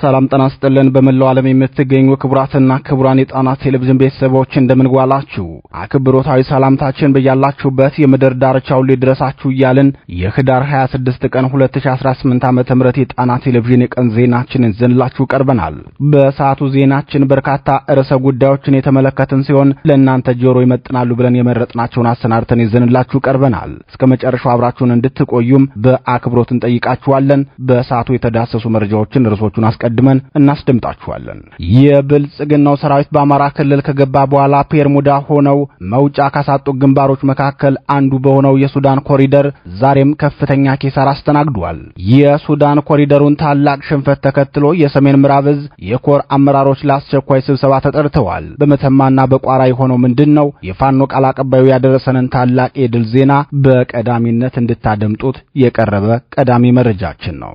ሰላም ጤና ይስጥልን። በመላው ዓለም የምትገኙ ክቡራትና ክቡራን የጣና ቴሌቪዥን ቤተሰቦች እንደምንጓላችሁ አክብሮታዊ ሰላምታችን በያላችሁበት የምድር ዳርቻው ሁሉ ይድረሳችሁ እያልን የህዳር 26 ቀን 2018 ዓ.ም የጣና ቴሌቪዥን የቀን ዜናችንን ይዘንላችሁ ቀርበናል። በሰዓቱ ዜናችን በርካታ ርዕሰ ጉዳዮችን የተመለከትን ሲሆን ለእናንተ ጆሮ ይመጥናሉ ብለን የመረጥናቸውን አሰናድተን ይዘንላችሁ ቀርበናል። እስከ መጨረሻው አብራችሁን እንድትቆዩም በአክብሮት እንጠይቃችኋለን። በሰዓቱ የተዳሰሱ መረጃዎችን ርዕሶቹን አስቀድ አስቀድመን እናስደምጣችኋለን። የብልጽግናው ሰራዊት በአማራ ክልል ከገባ በኋላ ፔርሙዳ ሆነው መውጫ ካሳጡ ግንባሮች መካከል አንዱ በሆነው የሱዳን ኮሪደር ዛሬም ከፍተኛ ኪሳራ አስተናግዷል። የሱዳን ኮሪደሩን ታላቅ ሽንፈት ተከትሎ የሰሜን ምዕራብ እዝ የኮር አመራሮች ለአስቸኳይ ስብሰባ ተጠርተዋል። በመተማና በቋራ የሆነው ምንድን ነው? የፋኖ ቃል አቀባዩ ያደረሰንን ታላቅ የድል ዜና በቀዳሚነት እንድታደምጡት የቀረበ ቀዳሚ መረጃችን ነው።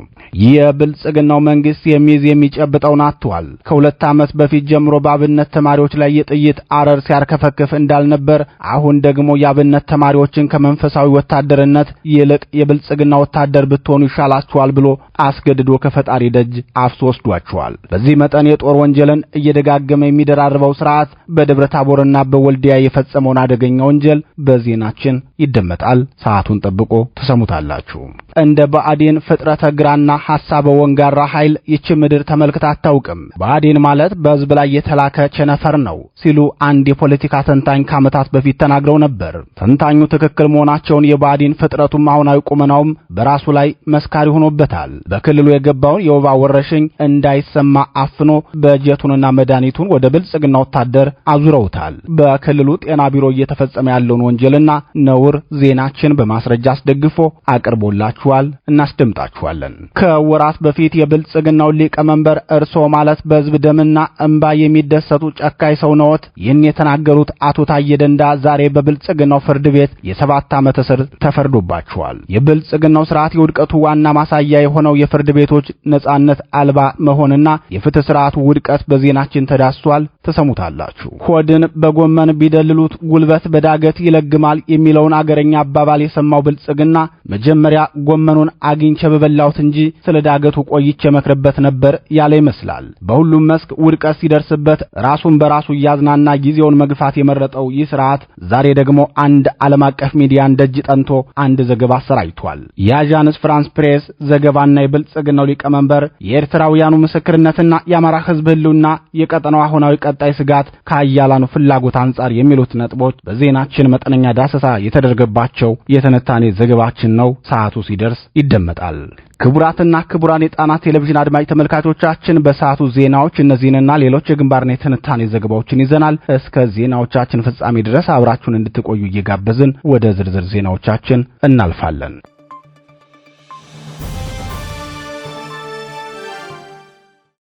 የብልጽግናው መንግስት የሚ ቢይዝ የሚጨብጠውን አጥቷል። ከሁለት ዓመት በፊት ጀምሮ በአብነት ተማሪዎች ላይ የጥይት አረር ሲያርከፈክፍ እንዳልነበር አሁን ደግሞ የአብነት ተማሪዎችን ከመንፈሳዊ ወታደርነት ይልቅ የብልጽግና ወታደር ብትሆኑ ይሻላችኋል ብሎ አስገድዶ ከፈጣሪ ደጅ አፍሶ ወስዷቸዋል። በዚህ መጠን የጦር ወንጀልን እየደጋገመ የሚደራርበው ስርዓት በደብረ ታቦርና በወልዲያ የፈጸመውን አደገኛ ወንጀል በዜናችን ይደመጣል። ሰዓቱን ጠብቆ ተሰሙታላችሁ። እንደ ብአዴን ፍጥረተ ግራና ሐሳበ ወንጋራ ኃይል ይችም ምድር ተመልክታ አታውቅም፣ ብአዴን ማለት በህዝብ ላይ የተላከ ቸነፈር ነው ሲሉ አንድ የፖለቲካ ተንታኝ ከዓመታት በፊት ተናግረው ነበር። ተንታኙ ትክክል መሆናቸውን የብአዴን ፍጥረቱም አሁናዊ ቁመናውም በራሱ ላይ መስካሪ ሆኖበታል። በክልሉ የገባውን የወባ ወረርሽኝ እንዳይሰማ አፍኖ በጀቱንና መድኃኒቱን ወደ ብልጽግና ወታደር አዙረውታል። በክልሉ ጤና ቢሮ እየተፈጸመ ያለውን ወንጀልና ነውር ዜናችን በማስረጃ አስደግፎ አቅርቦላችኋል። እናስደምጣችኋለን። ከወራት በፊት የብልጽግናው ሊቀ ሊቀመንበር እርስዎ ማለት በህዝብ ደምና እንባ የሚደሰቱ ጨካኝ ሰው ነዎት? ይህን የተናገሩት አቶ ታዬ ደንዳ ዛሬ በብልጽግናው ፍርድ ቤት የሰባት ዓመት እስር ተፈርዶባቸዋል። የብልጽግናው ስርዓት የውድቀቱ ዋና ማሳያ የሆነው የፍርድ ቤቶች ነጻነት አልባ መሆንና የፍትህ ስርዓቱ ውድቀት በዜናችን ተዳስቷል። ትሰሙታላችሁ። ሆድን በጎመን ቢደልሉት ጉልበት በዳገት ይለግማል የሚለውን አገረኛ አባባል የሰማው ብልጽግና መጀመሪያ ጎመኑን አግኝቼ በበላሁት እንጂ ስለ ዳገቱ ቆይቼ መክርበት ነበር ያለ ይመስላል። በሁሉም መስክ ውድቀት ሲደርስበት ራሱን በራሱ እያዝናና ጊዜውን መግፋት የመረጠው ይህ ስርዓት ዛሬ ደግሞ አንድ ዓለም አቀፍ ሚዲያን ደጅ ጠንቶ አንድ ዘገባ አሰራጅቷል። የአዣንስ ፍራንስ ፕሬስ ዘገባና የብልጽግናው ሊቀመንበር የኤርትራውያኑ ምስክርነትና የአማራ ሕዝብ ህልውና የቀጠናው አሁናዊ ቀጣይ ስጋት ከአያላኑ ፍላጎት አንጻር የሚሉት ነጥቦች በዜናችን መጠነኛ ዳሰሳ የተደረገባቸው የትንታኔ ዘገባችን ነው። ሰዓቱ ሲደርስ ይደመጣል። ክቡራትና ክቡራን የጣና ቴሌቪዥን አድማጭ ተመልካቾቻችን በሰዓቱ ዜናዎች እነዚህንና ሌሎች የግንባርና የትንታኔ ዘገባዎችን ይዘናል። እስከ ዜናዎቻችን ፍጻሜ ድረስ አብራችሁን እንድትቆዩ እየጋበዝን ወደ ዝርዝር ዜናዎቻችን እናልፋለን።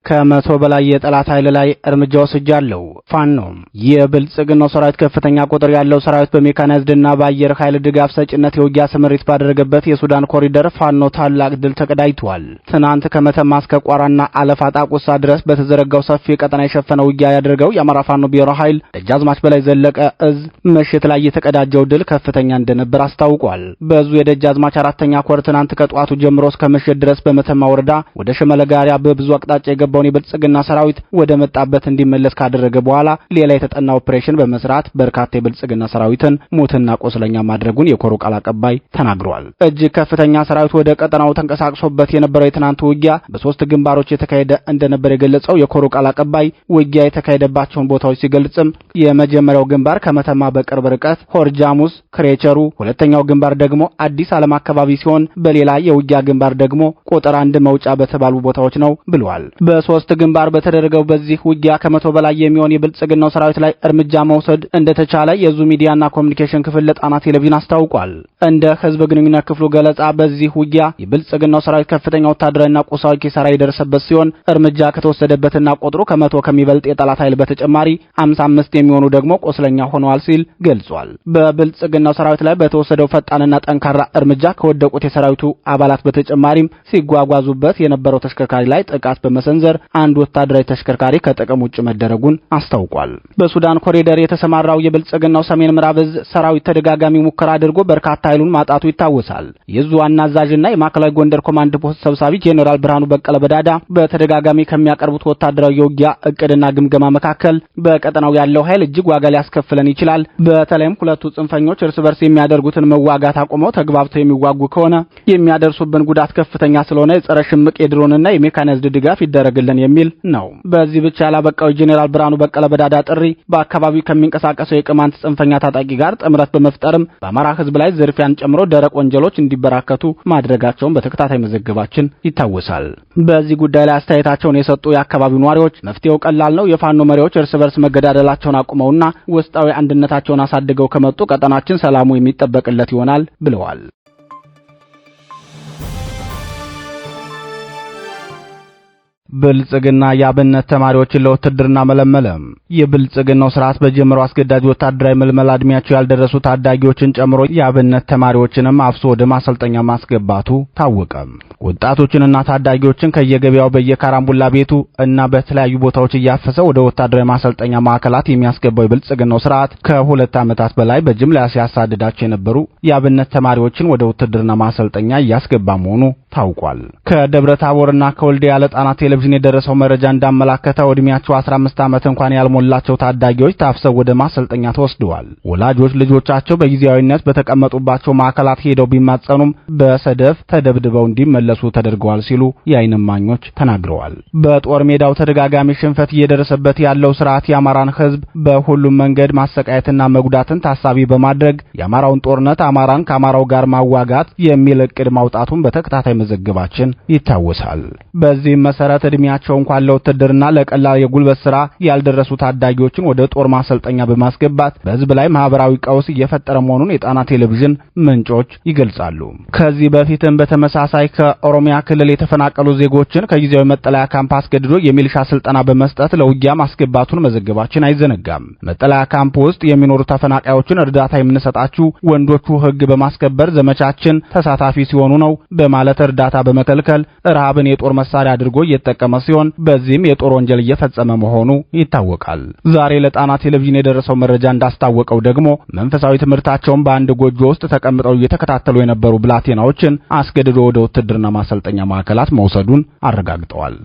ከመቶ በላይ የጠላት ኃይል ላይ እርምጃ ወስጃለሁ። ፋኖ የብልጽግናው ሰራዊት ከፍተኛ ቁጥር ያለው ሰራዊት በሜካናይዝድና በአየር ኃይል ድጋፍ ሰጭነት የውጊያ ስምሪት ባደረገበት የሱዳን ኮሪደር ፋኖ ታላቅ ድል ተቀዳጅቷል። ትናንት ከመተማ እስከ ቋራና አለፋ ጣቁሳ ድረስ በተዘረጋው ሰፊ ቀጠና የሸፈነ ውጊያ ያደረገው የአማራ ፋኖ ብሔራዊ ኃይል ደጃዝማች በላይ ዘለቀ እዝ ምሽት ላይ የተቀዳጀው ድል ከፍተኛ እንደነበር አስታውቋል። በዙ የደጃዝማች አራተኛ ኮር ትናንት ከጠዋቱ ጀምሮ እስከ ምሽት ድረስ በመተማ ወረዳ ወደ ሽመለጋሪያ በብዙ አቅጣጫ የገባ የገባውን የብልጽግና ሰራዊት ወደ መጣበት እንዲመለስ ካደረገ በኋላ ሌላ የተጠና ኦፕሬሽን በመስራት በርካታ የብልጽግና ሰራዊትን ሞትና ቆስለኛ ማድረጉን የኮሩ ቃል አቀባይ ተናግሯል። እጅግ ከፍተኛ ሰራዊት ወደ ቀጠናው ተንቀሳቅሶበት የነበረው የትናንት ውጊያ በሶስት ግንባሮች የተካሄደ እንደነበር የገለጸው የኮሩ ቃል አቀባይ ውጊያ የተካሄደባቸውን ቦታዎች ሲገልጽም የመጀመሪያው ግንባር ከመተማ በቅርብ ርቀት ሆርጃሙስ ክሬቸሩ፣ ሁለተኛው ግንባር ደግሞ አዲስ ዓለም አካባቢ ሲሆን በሌላ የውጊያ ግንባር ደግሞ ቁጥር አንድ መውጫ በተባሉ ቦታዎች ነው ብለዋል። ሶስት ግንባር በተደረገው በዚህ ውጊያ ከመቶ በላይ የሚሆን የብልጽግናው ሰራዊት ላይ እርምጃ መውሰድ እንደተቻለ የዙ ሚዲያና ኮሚኒኬሽን ክፍል ለጣና ቴሌቪዥን አስታውቋል። እንደ ህዝብ ግንኙነት ክፍሉ ገለጻ በዚህ ውጊያ የብልጽግናው ሰራዊት ከፍተኛ ወታደራዊና ቁሳዊ ኪሳራ የደረሰበት ሲሆን እርምጃ ከተወሰደበትና ቁጥሩ ከመቶ ከሚበልጥ የጠላት ኃይል በተጨማሪ 55 የሚሆኑ ደግሞ ቆስለኛ ሆነዋል ሲል ገልጿል። በብልጽግናው ሰራዊት ላይ በተወሰደው ፈጣንና ጠንካራ እርምጃ ከወደቁት የሰራዊቱ አባላት በተጨማሪም ሲጓጓዙበት የነበረው ተሽከርካሪ ላይ ጥቃት በመሰንዘር በስተቀር አንድ ወታደራዊ ተሽከርካሪ ከጥቅም ውጭ መደረጉን አስታውቋል። በሱዳን ኮሪደር የተሰማራው የብልጽግናው ሰሜን ምዕራብ እዝ ሰራዊት ተደጋጋሚ ሙከራ አድርጎ በርካታ ኃይሉን ማጣቱ ይታወሳል። የእዙ ዋና አዛዥና የማዕከላዊ ጎንደር ኮማንድ ፖስት ሰብሳቢ ጄኔራል ብርሃኑ በቀለ በዳዳ በተደጋጋሚ ከሚያቀርቡት ወታደራዊ የውጊያ እቅድና ግምገማ መካከል በቀጠናው ያለው ኃይል እጅግ ዋጋ ሊያስከፍለን ይችላል፣ በተለይም ሁለቱ ጽንፈኞች እርስ በርስ የሚያደርጉትን መዋጋት አቁመው ተግባብተው የሚዋጉ ከሆነ የሚያደርሱብን ጉዳት ከፍተኛ ስለሆነ የጸረ ሽምቅ የድሮንና የሜካናይዝድ ድጋፍ ይደረግል እንወስዳለን የሚል ነው። በዚህ ብቻ ያላበቃው ጄኔራል ብርሃኑ በቀለ በዳዳ ጥሪ በአካባቢው ከሚንቀሳቀሰው የቅማንት ጽንፈኛ ታጣቂ ጋር ጥምረት በመፍጠርም በአማራ ህዝብ ላይ ዝርፊያን ጨምሮ ደረቅ ወንጀሎች እንዲበራከቱ ማድረጋቸውን በተከታታይ መዘገባችን ይታወሳል። በዚህ ጉዳይ ላይ አስተያየታቸውን የሰጡ የአካባቢው ነዋሪዎች መፍትሄው ቀላል ነው፣ የፋኖ መሪዎች እርስ በርስ መገዳደላቸውን አቁመውና ውስጣዊ አንድነታቸውን አሳድገው ከመጡ ቀጠናችን ሰላሙ የሚጠበቅለት ይሆናል ብለዋል። ብልጽግና የአብነት ተማሪዎችን ለውትድርና መለመለ። የብልጽግናው ስርዓት በጀመረው አስገዳጅ ወታደራዊ ምልመላ እድሜያቸው ያልደረሱ ታዳጊዎችን ጨምሮ የአብነት ተማሪዎችንም አፍሶ ወደ ማሰልጠኛ ማስገባቱ ታወቀ። ወጣቶችንና ታዳጊዎችን ከየገበያው በየካራምቡላ ቤቱ እና በተለያዩ ቦታዎች እያፈሰ ወደ ወታደራዊ ማሰልጠኛ ማዕከላት የሚያስገባው የብልጽግናው ስርዓት ከሁለት ዓመታት በላይ በጅምላ ሲያሳድዳቸው የነበሩ የአብነት ተማሪዎችን ወደ ውትድርና ማሰልጠኛ እያስገባ መሆኑ ታውቋል። ከደብረ ታቦርና ከወልዲያ ለጣና ቴሌቪዥን የደረሰው መረጃ እንዳመላከተው ዕድሜያቸው 15 ዓመት እንኳን ያልሞላቸው ታዳጊዎች ታፍሰው ወደ ማሰልጠኛ ተወስደዋል። ወላጆች ልጆቻቸው በጊዜያዊነት በተቀመጡባቸው ማዕከላት ሄደው ቢማጸኑም በሰደፍ ተደብድበው እንዲመለሱ ተደርገዋል ሲሉ የዓይን እማኞች ተናግረዋል። በጦር ሜዳው ተደጋጋሚ ሽንፈት እየደረሰበት ያለው ስርዓት የአማራን ሕዝብ በሁሉም መንገድ ማሰቃየትና መጉዳትን ታሳቢ በማድረግ የአማራውን ጦርነት አማራን ከአማራው ጋር ማዋጋት የሚል ማውጣቱን በተከታታይ መዘገባችን ይታወሳል። በዚህም መሰረት እድሜያቸው እንኳን ለውትድርና ለቀላል የጉልበት ስራ ያልደረሱ ታዳጊዎችን ወደ ጦር ማሰልጠኛ በማስገባት በህዝብ ላይ ማህበራዊ ቀውስ እየፈጠረ መሆኑን የጣና ቴሌቪዥን ምንጮች ይገልጻሉ። ከዚህ በፊትም በተመሳሳይ ከኦሮሚያ ክልል የተፈናቀሉ ዜጎችን ከጊዜያዊ መጠለያ ካምፕ አስገድዶ የሚሊሻ ስልጠና በመስጠት ለውጊያ ማስገባቱን መዘገባችን አይዘነጋም። መጠለያ ካምፕ ውስጥ የሚኖሩ ተፈናቃዮችን እርዳታ የምንሰጣችሁ ወንዶቹ ህግ በማስከበር ዘመቻችን ተሳታፊ ሲሆኑ ነው በማለት እርዳታ በመከልከል ረሃብን የጦር መሳሪያ አድርጎ እየተጠቀመ ሲሆን በዚህም የጦር ወንጀል እየፈጸመ መሆኑ ይታወቃል። ዛሬ ለጣና ቴሌቪዥን የደረሰው መረጃ እንዳስታወቀው ደግሞ መንፈሳዊ ትምህርታቸውን በአንድ ጎጆ ውስጥ ተቀምጠው እየተከታተሉ የነበሩ ብላቴናዎችን አስገድዶ ወደ ውትድርና ማሰልጠኛ ማዕከላት መውሰዱን አረጋግጠዋል።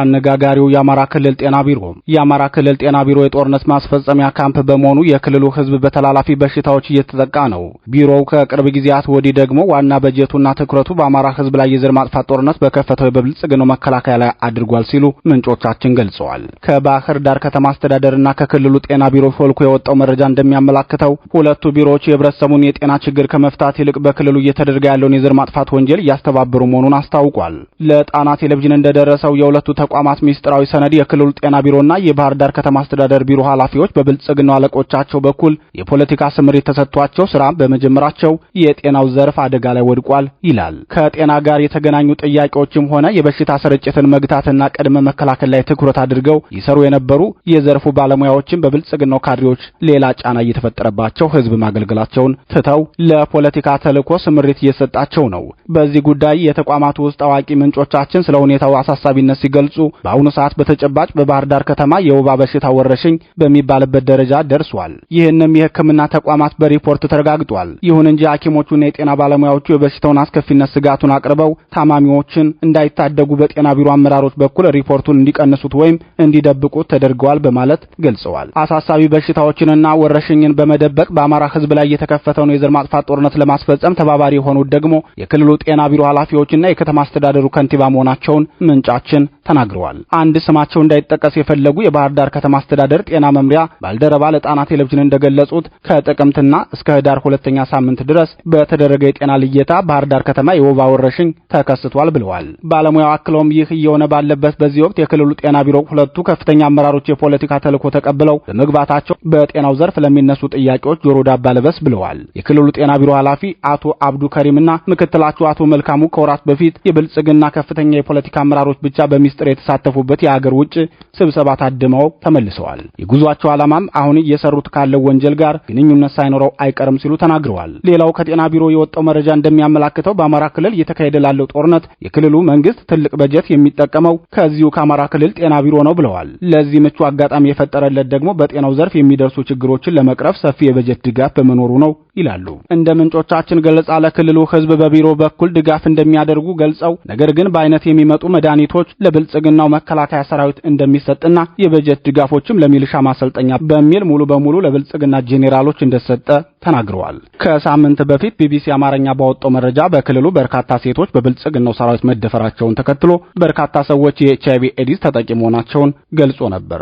አነጋጋሪው የአማራ ክልል ጤና ቢሮ የአማራ ክልል ጤና ቢሮ የጦርነት ማስፈጸሚያ ካምፕ በመሆኑ የክልሉ ሕዝብ በተላላፊ በሽታዎች እየተጠቃ ነው። ቢሮው ከቅርብ ጊዜያት ወዲህ ደግሞ ዋና በጀቱና ትኩረቱ በአማራ ሕዝብ ላይ የዘር ማጥፋት ጦርነት በከፈተው የብልጽግናው መከላከያ ላይ አድርጓል ሲሉ ምንጮቻችን ገልጸዋል። ከባህር ዳር ከተማ አስተዳደርና ከክልሉ ጤና ቢሮ ሾልኮ የወጣው መረጃ እንደሚያመላክተው ሁለቱ ቢሮዎች የህብረተሰቡን የጤና ችግር ከመፍታት ይልቅ በክልሉ እየተደረገ ያለውን የዘር ማጥፋት ወንጀል እያስተባበሩ መሆኑን አስታውቋል። ለጣና ቴሌቪዥን እንደደረሰው የሁለቱ ተቋማት ሚስጥራዊ ሰነድ የክልሉ ጤና ቢሮና የባህር ዳር ከተማ አስተዳደር ቢሮ ኃላፊዎች በብልጽግናው አለቆቻቸው በኩል የፖለቲካ ስምሪት ተሰጥቷቸው ስራ በመጀመራቸው የጤናው ዘርፍ አደጋ ላይ ወድቋል ይላል። ከጤና ጋር የተገናኙ ጥያቄዎችም ሆነ የበሽታ ስርጭትን መግታትና ቅድመ መከላከል ላይ ትኩረት አድርገው ይሰሩ የነበሩ የዘርፉ ባለሙያዎችን በብልጽግናው ካድሬዎች ሌላ ጫና እየተፈጠረባቸው ህዝብ ማገልገላቸውን ትተው ለፖለቲካ ተልዕኮ ስምሪት እየሰጣቸው ነው። በዚህ ጉዳይ የተቋማቱ ውስጥ አዋቂ ምንጮቻችን ስለ ሁኔታው አሳሳቢነት ሲገልጹ ሲገልጹ በአሁኑ ሰዓት በተጨባጭ በባህር ዳር ከተማ የወባ በሽታ ወረርሽኝ በሚባልበት ደረጃ ደርሷል። ይህንም የሕክምና ተቋማት በሪፖርት ተረጋግጧል። ይሁን እንጂ ሐኪሞቹና የጤና ባለሙያዎቹ የበሽታውን አስከፊነት ስጋቱን አቅርበው ታማሚዎችን እንዳይታደጉ በጤና ቢሮ አመራሮች በኩል ሪፖርቱን እንዲቀንሱት ወይም እንዲደብቁት ተደርገዋል በማለት ገልጸዋል። አሳሳቢ በሽታዎችንና ወረርሽኝን በመደበቅ በአማራ ሕዝብ ላይ የተከፈተውን የዘር ማጥፋት ጦርነት ለማስፈጸም ተባባሪ የሆኑት ደግሞ የክልሉ ጤና ቢሮ ኃላፊዎችና የከተማ አስተዳደሩ ከንቲባ መሆናቸውን ምንጫችን ተናግረዋል። ተናግረዋል። አንድ ስማቸው እንዳይጠቀስ የፈለጉ የባህር ዳር ከተማ አስተዳደር ጤና መምሪያ ባልደረባ ለጣና ቴሌቪዥን እንደገለጹት ከጥቅምትና እስከ ህዳር ሁለተኛ ሳምንት ድረስ በተደረገ የጤና ልየታ ባህር ዳር ከተማ የወባ ወረርሽኝ ተከስቷል ብለዋል። ባለሙያው አክለውም ይህ እየሆነ ባለበት በዚህ ወቅት የክልሉ ጤና ቢሮ ሁለቱ ከፍተኛ አመራሮች የፖለቲካ ተልዕኮ ተቀብለው በመግባታቸው በጤናው ዘርፍ ለሚነሱ ጥያቄዎች ጆሮ ዳባ ልበስ ብለዋል። የክልሉ ጤና ቢሮ ኃላፊ አቶ አብዱ ከሪምና ምክትላቸው አቶ መልካሙ ከወራት በፊት የብልጽግና ከፍተኛ የፖለቲካ አመራሮች ብቻ በሚስጥር የተሳተፉበት የአገር ውጭ ስብሰባ ታድመው ተመልሰዋል። የጉዟቸው ዓላማም አሁን እየሰሩት ካለው ወንጀል ጋር ግንኙነት ሳይኖረው አይቀርም ሲሉ ተናግረዋል። ሌላው ከጤና ቢሮ የወጣው መረጃ እንደሚያመላክተው በአማራ ክልል እየተካሄደ ላለው ጦርነት የክልሉ መንግስት ትልቅ በጀት የሚጠቀመው ከዚሁ ከአማራ ክልል ጤና ቢሮ ነው ብለዋል። ለዚህ ምቹ አጋጣሚ የፈጠረለት ደግሞ በጤናው ዘርፍ የሚደርሱ ችግሮችን ለመቅረፍ ሰፊ የበጀት ድጋፍ በመኖሩ ነው ይላሉ። እንደ ምንጮቻችን ገለጻ ለክልሉ ህዝብ በቢሮ በኩል ድጋፍ እንደሚያደርጉ ገልጸው ነገር ግን በአይነት የሚመጡ መድኃኒቶች ለብልጽግናው መከላከያ ሰራዊት እንደሚሰጥና የበጀት ድጋፎችም ለሚልሻ ማሰልጠኛ በሚል ሙሉ በሙሉ ለብልጽግና ጄኔራሎች እንደሰጠ ተናግረዋል። ከሳምንት በፊት ቢቢሲ አማርኛ ባወጣው መረጃ በክልሉ በርካታ ሴቶች በብልጽግናው ሰራዊት መደፈራቸውን ተከትሎ በርካታ ሰዎች የኤችአይቪ ኤዲስ ተጠቂ መሆናቸውን ገልጾ ነበር።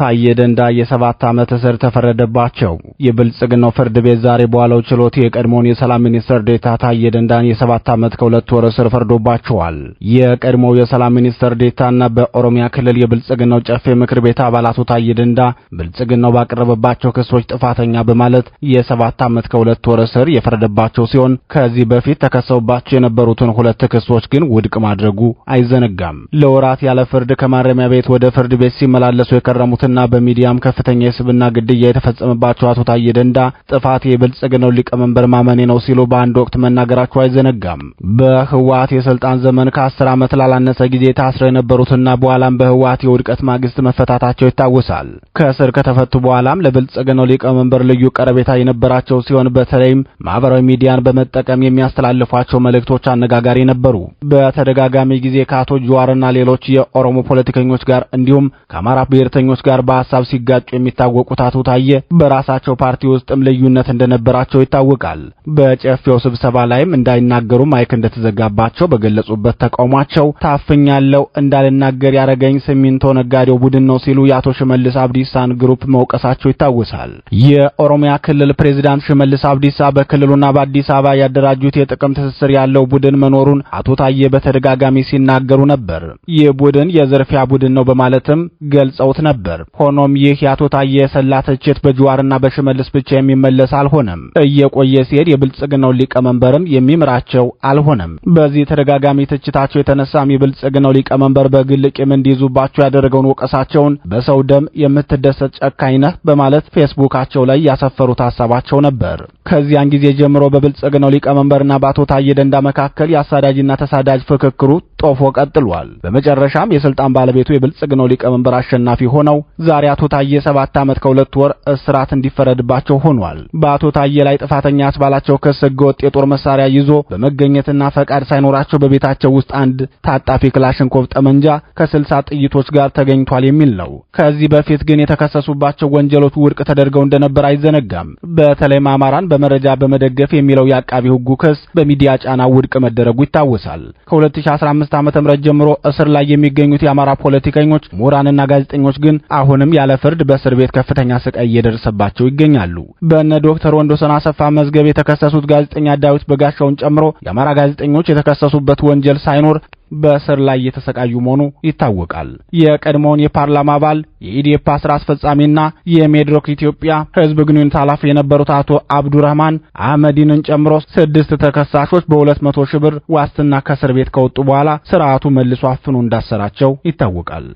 ታዬ ደንዳ የሰባት ዓመት እስር ተፈረደባቸው። የብልጽግናው ፍርድ ቤት ዛሬ በዋለው ችሎት የቀድሞውን የሰላም ሚኒስትር ዴታ ታዬ ደንዳን የሰባት ዓመት ከሁለት ወር እስር ፈርዶባቸዋል። የቀድሞው የሰላም ሚኒስትር ዴታና በኦሮሚያ ክልል የብልጽግናው ጨፌ ምክር ቤት አባላቱ ታዬ ደንዳ ብልጽግናው ባቀረበባቸው ክሶች ጥፋተኛ በማለት የሰባት ዓመት ከሁለት ወር እስር የፈረደባቸው ሲሆን ከዚህ በፊት ተከሰውባቸው የነበሩትን ሁለት ክሶች ግን ውድቅ ማድረጉ አይዘነጋም። ለወራት ያለ ፍርድ ከማረሚያ ቤት ወደ ፍርድ ቤት ሲመላለሱ የከረሙት በህወሓትና በሚዲያም ከፍተኛ የስብና ግድያ የተፈጸመባቸው አቶ ታዬ ደንዳ ጥፋት የብልጽግናው ሊቀመንበር ማመኔ ነው ሲሉ በአንድ ወቅት መናገራቸው አይዘነጋም። በህወሓት የስልጣን ዘመን ከአስር ዓመት ላላነሰ ጊዜ ታስረው የነበሩትና በኋላም በህወሓት የውድቀት ማግስት መፈታታቸው ይታወሳል። ከእስር ከተፈቱ በኋላም ለብልጽግናው ሊቀመንበር ልዩ ቀረቤታ የነበራቸው ሲሆን በተለይም ማህበራዊ ሚዲያን በመጠቀም የሚያስተላልፏቸው መልእክቶች አነጋጋሪ ነበሩ። በተደጋጋሚ ጊዜ ከአቶ ጅዋርና ሌሎች የኦሮሞ ፖለቲከኞች ጋር እንዲሁም ከአማራ ብሔርተኞች ጋር ጋር በሐሳብ ሲጋጩ የሚታወቁት አቶ ታየ በራሳቸው ፓርቲ ውስጥም ልዩነት እንደነበራቸው ይታወቃል። በጨፌው ስብሰባ ላይም እንዳይናገሩ ማይክ እንደተዘጋባቸው በገለጹበት ተቃውሟቸው ታፍኛለሁ እንዳልናገር ያረገኝ ሲሚንቶ ነጋዴው ቡድን ነው ሲሉ የአቶ ሽመልስ አብዲሳን ግሩፕ መውቀሳቸው ይታወሳል። የኦሮሚያ ክልል ፕሬዚዳንት ሽመልስ አብዲሳ በክልሉና በአዲስ አበባ ያደራጁት የጥቅም ትስስር ያለው ቡድን መኖሩን አቶ ታየ በተደጋጋሚ ሲናገሩ ነበር። ይህ ቡድን የዝርፊያ ቡድን ነው በማለትም ገልጸውት ነበር። ሆኖም ይህ የአቶ ታዬ ትችት በጅዋርና በሽመልስ ብቻ የሚመለስ አልሆነም። እየቆየ ሲሄድ የብልጽግናው ሊቀመንበርም የሚምራቸው አልሆነም። በዚህ ተደጋጋሚ ትችታቸው የተነሳም የብልጽግናው ሊቀመንበር በግል ቂም እንዲይዙባቸው ያደረገውን ወቀሳቸውን በሰው ደም የምትደሰት ጨካኝ ነህ በማለት ፌስቡካቸው ላይ ያሰፈሩት ሀሳባቸው ነበር። ከዚያን ጊዜ ጀምሮ በብልጽግናው ሊቀመንበርና በአቶ ታዬ ደንዳ መካከል የአሳዳጅና ተሳዳጅ ፍክክሩ ጦፎ ቀጥሏል። በመጨረሻም የስልጣን ባለቤቱ የብልጽግናው ሊቀመንበር አሸናፊ ሆነው ዛሬ አቶ ታዬ ሰባት ዓመት ከሁለት ወር እስራት እንዲፈረድባቸው ሆኗል። በአቶ ታዬ ላይ ጥፋተኛ አስባላቸው ክስ ህገወጥ የጦር መሳሪያ ይዞ በመገኘትና ፈቃድ ሳይኖራቸው በቤታቸው ውስጥ አንድ ታጣፊ ክላሽንኮቭ ጠመንጃ ከስልሳ ጥይቶች ጋር ተገኝቷል የሚል ነው። ከዚህ በፊት ግን የተከሰሱባቸው ወንጀሎች ውድቅ ተደርገው እንደነበር አይዘነጋም። በተለይም አማራን በመረጃ በመደገፍ የሚለው የአቃቢ ህጉ ክስ በሚዲያ ጫና ውድቅ መደረጉ ይታወሳል። ከ2015 2015 ዓመተ ጀምሮ እስር ላይ የሚገኙት የአማራ ፖለቲከኞች፣ ምሁራንና ጋዜጠኞች ግን አሁንም ያለ ፍርድ በእስር ቤት ከፍተኛ ስቃይ እየደረሰባቸው ይገኛሉ። በእነ ዶክተር ወንዶሰን አሰፋ መዝገብ የተከሰሱት ጋዜጠኛ ዳዊት በጋሻውን ጨምሮ የአማራ ጋዜጠኞች የተከሰሱበት ወንጀል ሳይኖር በእስር ላይ እየተሰቃዩ መሆኑ ይታወቃል። የቀድሞውን የፓርላማ አባል የኢዴፓ ስራ አስፈጻሚና የሜድሮክ ኢትዮጵያ ህዝብ ግንኙነት ኃላፊ የነበሩት አቶ አብዱረህማን አህመዲንን ጨምሮ ስድስት ተከሳሾች በሁለት መቶ ሺህ ብር ዋስትና ከእስር ቤት ከወጡ በኋላ ስርዓቱ መልሶ አፍኖ እንዳሰራቸው ይታወቃል።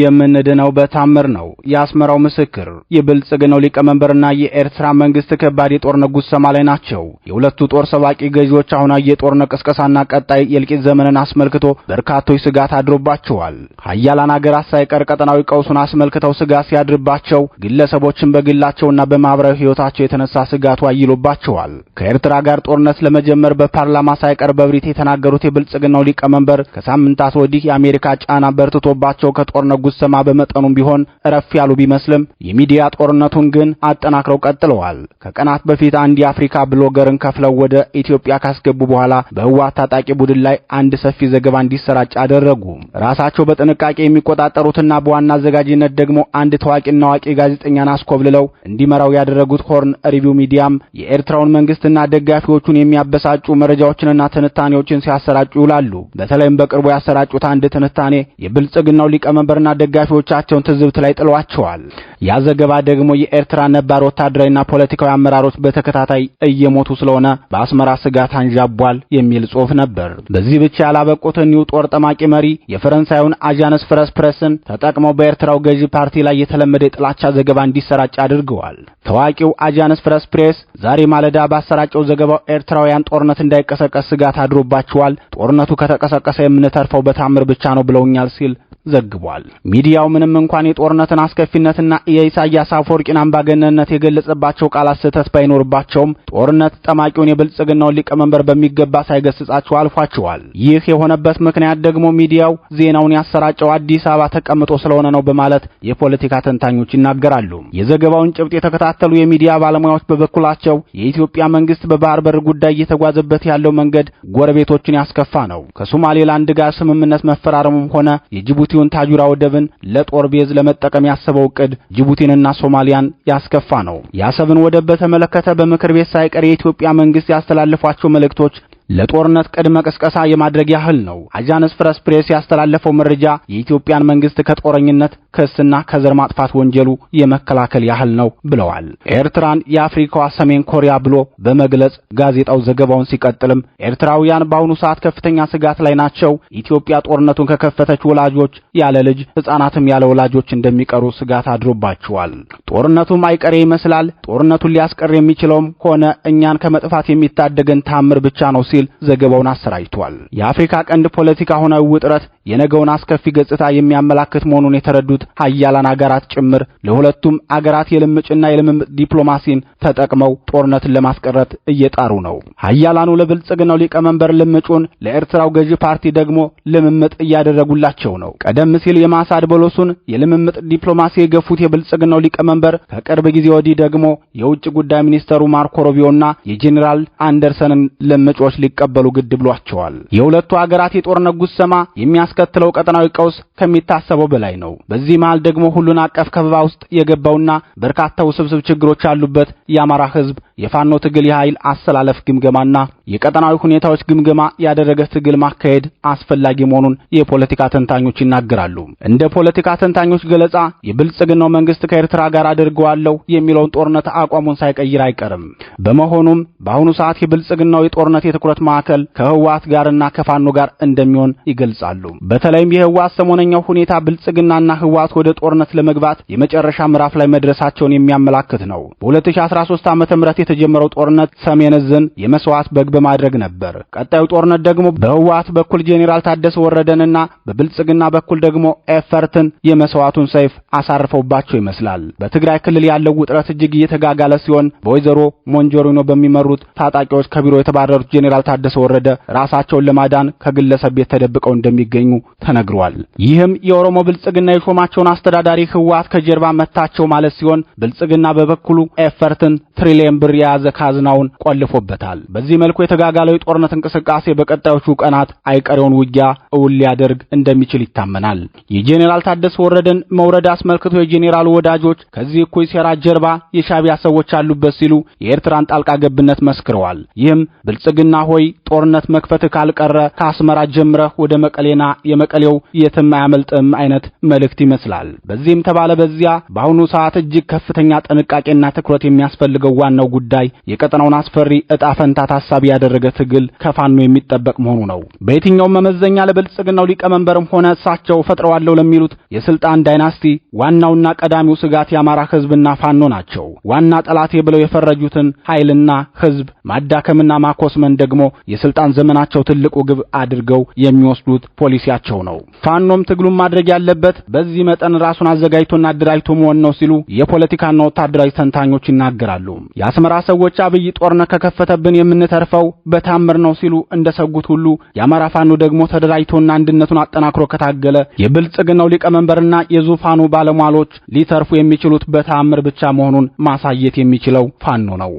የምንድነው በታምር ነው። የአስመራው ምስክር የብልጽግናው ሊቀመንበርና የኤርትራ መንግስት ከባድ የጦር ጉሰማ ላይ ናቸው። የሁለቱ ጦር ሰባቂ ገዢዎች አሁን የጦርነት ቅስቀሳና ቀጣይ የእልቂት ዘመንን አስመልክቶ በርካቶች ስጋት አድሮባቸዋል። ሀያላን ሀገራት ሳይቀር ቀጠናዊ ቀውሱን አስመልክተው ስጋት ሲያድርባቸው፣ ግለሰቦችን በግላቸውና በማኅበራዊ ህይወታቸው የተነሳ ስጋቱ አይሎባቸዋል። ከኤርትራ ጋር ጦርነት ለመጀመር በፓርላማ ሳይቀር በብሪት የተናገሩት የብልጽግናው ሊቀመንበር ከሳምንታት ወዲህ የአሜሪካ ጫና በርትቶባቸው ከጦርነ ጉሰማ በመጠኑም ቢሆን እረፍ ያሉ ቢመስልም የሚዲያ ጦርነቱን ግን አጠናክረው ቀጥለዋል። ከቀናት በፊት አንድ የአፍሪካ ብሎገርን ከፍለው ወደ ኢትዮጵያ ካስገቡ በኋላ በህወሓት ታጣቂ ቡድን ላይ አንድ ሰፊ ዘገባ እንዲሰራጭ አደረጉ። ራሳቸው በጥንቃቄ የሚቆጣጠሩትና በዋና አዘጋጅነት ደግሞ አንድ ታዋቂና አዋቂ ጋዜጠኛን አስኮብልለው እንዲመራው ያደረጉት ሆርን ሪቪው ሚዲያም የኤርትራውን መንግስትና ደጋፊዎቹን የሚያበሳጩ መረጃዎችንና ትንታኔዎችን ሲያሰራጩ ይውላሉ። በተለይም በቅርቡ ያሰራጩት አንድ ትንታኔ የብልጽግናው ሊቀመንበር ጌታቸውና ደጋፊዎቻቸውን ትዝብት ላይ ጥሏቸዋል። ያ ዘገባ ደግሞ የኤርትራ ነባር ወታደራዊና ፖለቲካዊ አመራሮች በተከታታይ እየሞቱ ስለሆነ በአስመራ ስጋት አንዣቧል የሚል ጽሑፍ ነበር። በዚህ ብቻ ያላበቁት እኒው ጦር ጠማቂ መሪ የፈረንሳዩን አዣንስ ፍረስ ፕሬስን ተጠቅመው በኤርትራው ገዢ ፓርቲ ላይ የተለመደ የጥላቻ ዘገባ እንዲሰራጭ አድርገዋል። ታዋቂው አጃንስ ፍረስ ፕሬስ ዛሬ ማለዳ ባሰራጨው ዘገባው ኤርትራውያን ጦርነት እንዳይቀሰቀስ ስጋት አድሮባቸዋል፣ ጦርነቱ ከተቀሰቀሰ የምንተርፈው በታምር ብቻ ነው ብለውኛል ሲል ዘግቧል። ሚዲያው ምንም እንኳን የጦርነትን አስከፊነትና የኢሳያስ አፈወርቂን አምባገነንነት የገለጸባቸው ቃላት ስህተት ባይኖርባቸውም ጦርነት ጠማቂውን የብልጽግናውን ሊቀመንበር በሚገባ ሳይገስጻቸው አልፏቸዋል። ይህ የሆነበት ምክንያት ደግሞ ሚዲያው ዜናውን ያሰራጨው አዲስ አበባ ተቀምጦ ስለሆነ ነው በማለት የፖለቲካ ተንታኞች ይናገራሉ። የዘገባውን ጭብጥ የተከታተሉ የሚዲያ ባለሙያዎች በበኩላቸው የኢትዮጵያ መንግስት በባህር በር ጉዳይ እየተጓዘበት ያለው መንገድ ጎረቤቶችን ያስከፋ ነው። ከሶማሌላንድ ጋር ስምምነት መፈራረሙም ሆነ የጅቡቲ የጅቡቲውን ታጁራ ወደብን ለጦር ቤዝ ለመጠቀም ያሰበው ቅድ ጅቡቲንና ሶማሊያን ያስከፋ ነው። የአሰብን ወደብ በተመለከተ በምክር ቤት ሳይቀር የኢትዮጵያ መንግስት ያስተላለፏቸው መልእክቶች ለጦርነት ቅድመ ቅስቀሳ የማድረግ ያህል ነው። አጃንስ ፍረስ ፕሬስ ያስተላለፈው መረጃ የኢትዮጵያን መንግስት ከጦረኝነት ክስና ከዘር ማጥፋት ወንጀሉ የመከላከል ያህል ነው ብለዋል። ኤርትራን የአፍሪካዋ ሰሜን ኮሪያ ብሎ በመግለጽ ጋዜጣው ዘገባውን ሲቀጥልም ኤርትራውያን በአሁኑ ሰዓት ከፍተኛ ስጋት ላይ ናቸው። ኢትዮጵያ ጦርነቱን ከከፈተች ወላጆች ያለ ልጅ ሕፃናትም ያለ ወላጆች እንደሚቀሩ ስጋት አድሮባቸዋል። ጦርነቱም አይቀሬ ይመስላል። ጦርነቱን ሊያስቀር የሚችለውም ሆነ እኛን ከመጥፋት የሚታደገን ታምር ብቻ ነው ሲል ዘገባውን አሰራጅቷል። የአፍሪካ ቀንድ ፖለቲካ ሆነ ውጥረት የነገውን አስከፊ ገጽታ የሚያመላክት መሆኑን የተረዱት ሀያላን አገራት ጭምር ለሁለቱም አገራት የልምጭና የልምምጥ ዲፕሎማሲን ተጠቅመው ጦርነትን ለማስቀረት እየጣሩ ነው። ሀያላኑ ለብልጽግናው ሊቀመንበር ልምጩን፣ ለኤርትራው ገዢ ፓርቲ ደግሞ ልምምጥ እያደረጉላቸው ነው። ቀደም ሲል የማሳድ በሎሱን የልምምጥ ዲፕሎማሲ የገፉት የብልጽግናው ሊቀመንበር ከቅርብ ጊዜ ወዲህ ደግሞ የውጭ ጉዳይ ሚኒስተሩ ማርኮ ሮቢዮና የጄኔራል አንደርሰንን ልምጮች ሊቀበሉ ግድ ብሏቸዋል። የሁለቱ አገራት የጦርነት ጉሰማ የሚያስ የሚያስከትለው ቀጠናዊ ቀውስ ከሚታሰበው በላይ ነው። በዚህ መሃል ደግሞ ሁሉን አቀፍ ከበባ ውስጥ የገባውና በርካታ ውስብስብ ችግሮች ያሉበት የአማራ ህዝብ የፋኖ ትግል የኃይል አሰላለፍ ግምገማና የቀጠናዊ ሁኔታዎች ግምገማ ያደረገ ትግል ማካሄድ አስፈላጊ መሆኑን የፖለቲካ ተንታኞች ይናገራሉ። እንደ ፖለቲካ ተንታኞች ገለጻ የብልጽግናው መንግስት ከኤርትራ ጋር አድርገዋለሁ የሚለውን ጦርነት አቋሙን ሳይቀይር አይቀርም። በመሆኑም በአሁኑ ሰዓት የብልጽግናው የጦርነት የትኩረት ማዕከል ከህወሓት ጋርና ከፋኖ ጋር እንደሚሆን ይገልጻሉ። በተለይም የህወሓት ሰሞነኛው ሁኔታ ብልጽግናና ህወሓት ወደ ጦርነት ለመግባት የመጨረሻ ምዕራፍ ላይ መድረሳቸውን የሚያመላክት ነው። በ2013 ዓመተ ምህረት የተጀመረው ጦርነት ሰሜን ዕዝን የመስዋዕት በግ በማድረግ ነበር። ቀጣዩ ጦርነት ደግሞ በህወሓት በኩል ጄኔራል ታደሰ ወረደንና በብልጽግና በኩል ደግሞ ኤፈርትን የመስዋዕቱን ሰይፍ አሳርፈውባቸው ይመስላል። በትግራይ ክልል ያለው ውጥረት እጅግ እየተጋጋለ ሲሆን በወይዘሮ ሞንጆሪኖ በሚመሩት ታጣቂዎች ከቢሮ የተባረሩት ጄኔራል ታደሰ ወረደ ራሳቸውን ለማዳን ከግለሰብ ቤት ተደብቀው እንደሚገኙ እንደሚገኙ ተነግሯል። ይህም የኦሮሞ ብልጽግና የሾማቸውን አስተዳዳሪ ህወሓት ከጀርባ መታቸው ማለት ሲሆን ብልጽግና በበኩሉ ኤፈርትን ትሪሊየን ብር የያዘ ካዝናውን ቆልፎበታል። በዚህ መልኩ የተጋጋለው የጦርነት እንቅስቃሴ በቀጣዮቹ ቀናት አይቀሬውን ውጊያ እውን ሊያደርግ እንደሚችል ይታመናል። የጄኔራል ታደሰ ወረደን መውረድ አስመልክቶ የጄኔራሉ ወዳጆች ከዚህ እኩይ ሴራ ጀርባ የሻቢያ ሰዎች አሉበት ሲሉ የኤርትራን ጣልቃ ገብነት መስክረዋል። ይህም ብልጽግና ሆይ ጦርነት መክፈትህ ካልቀረ ከአስመራ ጀምረህ ወደ መቀሌና የመቀሌው የትም አያመልጥም አይነት መልእክት ይመስላል። በዚህም ተባለ በዚያ በአሁኑ ሰዓት እጅግ ከፍተኛ ጥንቃቄና ትኩረት የሚያስፈልገው ዋናው ጉዳይ የቀጠናውን አስፈሪ እጣ ፈንታ ታሳቢ ያደረገ ትግል ከፋኖ የሚጠበቅ መሆኑ ነው። በየትኛውም መመዘኛ ለብልጽግናው ሊቀመንበርም ሆነ እሳቸው ፈጥረዋለሁ ለሚሉት የስልጣን ዳይናስቲ ዋናውና ቀዳሚው ስጋት የአማራ ህዝብና ፋኖ ናቸው። ዋና ጠላቴ ብለው የፈረጁትን ኃይልና ህዝብ ማዳከምና ማኮስመን ደግሞ የስልጣን ዘመናቸው ትልቁ ግብ አድርገው የሚወስዱት ፖሊሲ ልጃቸው ነው። ፋኖም ትግሉን ማድረግ ያለበት በዚህ መጠን ራሱን አዘጋጅቶና አደራጅቶ መሆን ነው ሲሉ የፖለቲካና ወታደራዊ ተንታኞች ይናገራሉ። የአስመራ ሰዎች አብይ ጦርነት ከከፈተብን የምንተርፈው በታምር ነው ሲሉ እንደሰጉት ሁሉ የአማራ ፋኖ ደግሞ ተደራጅቶና አንድነቱን አጠናክሮ ከታገለ የብልጽግናው ሊቀመንበርና የዙፋኑ ባለሟሎች ሊተርፉ የሚችሉት በታምር ብቻ መሆኑን ማሳየት የሚችለው ፋኖ ነው።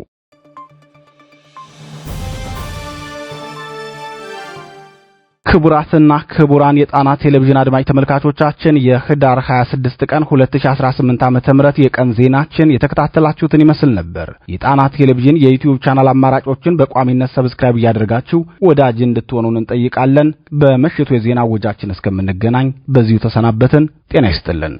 ክቡራትና ክቡራን የጣና ቴሌቪዥን አድማጭ ተመልካቾቻችን የህዳር 26 ቀን 2018 ዓ.ም የቀን ዜናችን የተከታተላችሁትን ይመስል ነበር። የጣና ቴሌቪዥን የዩቲዩብ ቻናል አማራጮችን በቋሚነት ሰብስክራይብ እያደረጋችሁ ወዳጅ እንድትሆኑን እንጠይቃለን። በምሽቱ የዜና ወጃችን እስከምንገናኝ በዚሁ ተሰናበትን። ጤና ይስጥልን።